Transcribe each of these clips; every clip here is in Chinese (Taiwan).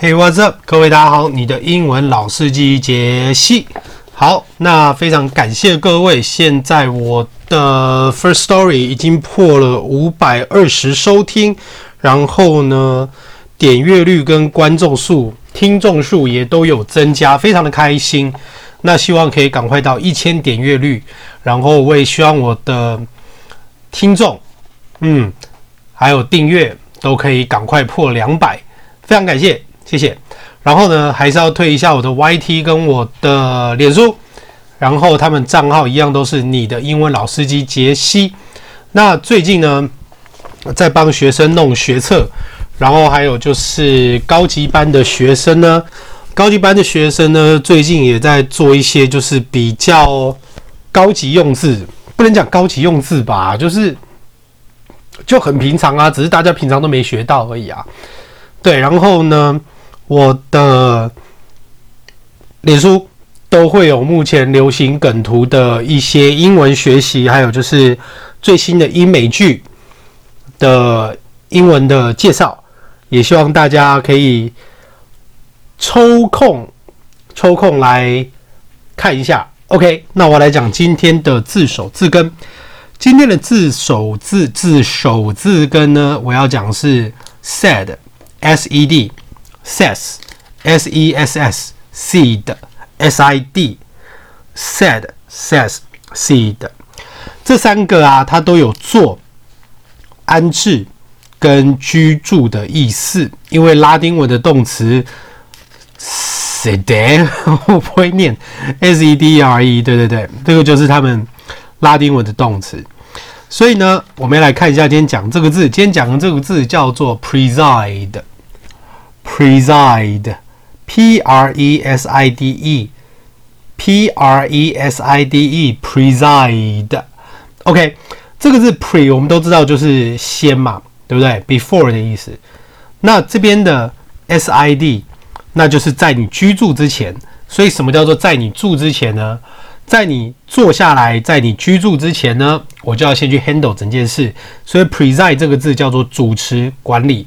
Hey, what's up？各位大家好，你的英文老司機傑西。好，那非常感謝各位。現在我的 Firstory 已經破了五百二十收聽，然後呢，點閱率跟觀眾數、聽眾數也都有增加，非常的開心。那希望可以趕快到一千點閱率，然後我也希望我的聽眾，嗯，還有訂閱都可以趕快破兩百，非常感謝。謝謝。然後呢，還是要推一下我的 YT 跟我的臉書，然後他們賬號一樣都是你的英文老師機傑西。那最近呢，在幫學生弄學測，然後還有就是高級班的學生呢，高級班的學生呢，最近也在做一些就是比較高級用字，不能講高級用字吧，就是就很平常啊，只是大家平常都沒學到而已啊。對，然後呢，我的臉書都會有目前流行梗圖的一些英文學習，還有就是最新的英美劇的英文的介紹，也希望大家可以抽空抽空來看一下。OK，那我來講今天的字首字根。今天的字首字字首字根呢，我要講是 sed，S、E、D。sess, s, s, ess, s e s s, sed, Se s i d, said, says, sed，這三個啊，它都有坐、安置跟居住的意思。因為拉丁文的動詞 sed，我不會念 s, s e d r e，對對對，這個就是他們拉丁文的動詞。所以呢，我們來看一下今天講這個字。今天講的這個字叫做 preside。Preside, p-r-e-s-i-d-e, p-r-e-s-i-d-e, preside. OK，這個字 pre 我們都知道就是先嘛，對不對？Before 的意思。那這邊的 s-i-d，那就是在你居住之前。所以什麼叫做在你住之前呢？在你坐下來，在你居住之前呢，我就要先去 handle 整件事。所以 preside 這個字叫做主持管理。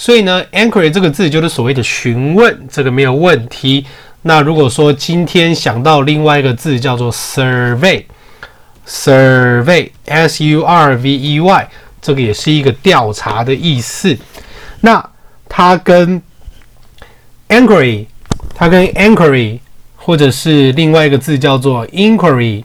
所以呢，enquiry 這個字就是所謂的詢問，這個沒有問題。那如果說今天想到另外一個字叫做 survey，survey，s-u-r-v-e-y，survey，這個也是一個調查的意思。那它跟 enquiry，它跟 enquiry 或者是另外一個字叫做 inquiry，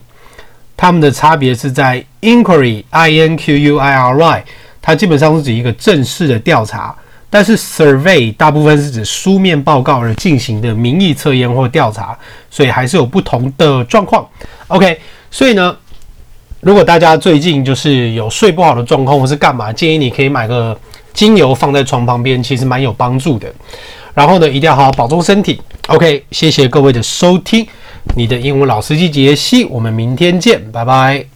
它們的差別是在 inquiry，i-n-q-u-i-r-y，它基本上是指一個正式的調查。但是 survey 大部分是指書面報告而進行的民意測驗或調查，所以還是有不同的狀況。OK，所以呢，如果大家最近就是有睡不好的狀況或是幹嘛，建議你可以買個精油放在床旁邊，其實蠻有幫助的。然後呢，一定要好好保重身體。OK，謝謝各位的收聽，你的英文老司機傑西，我們明天見，拜拜。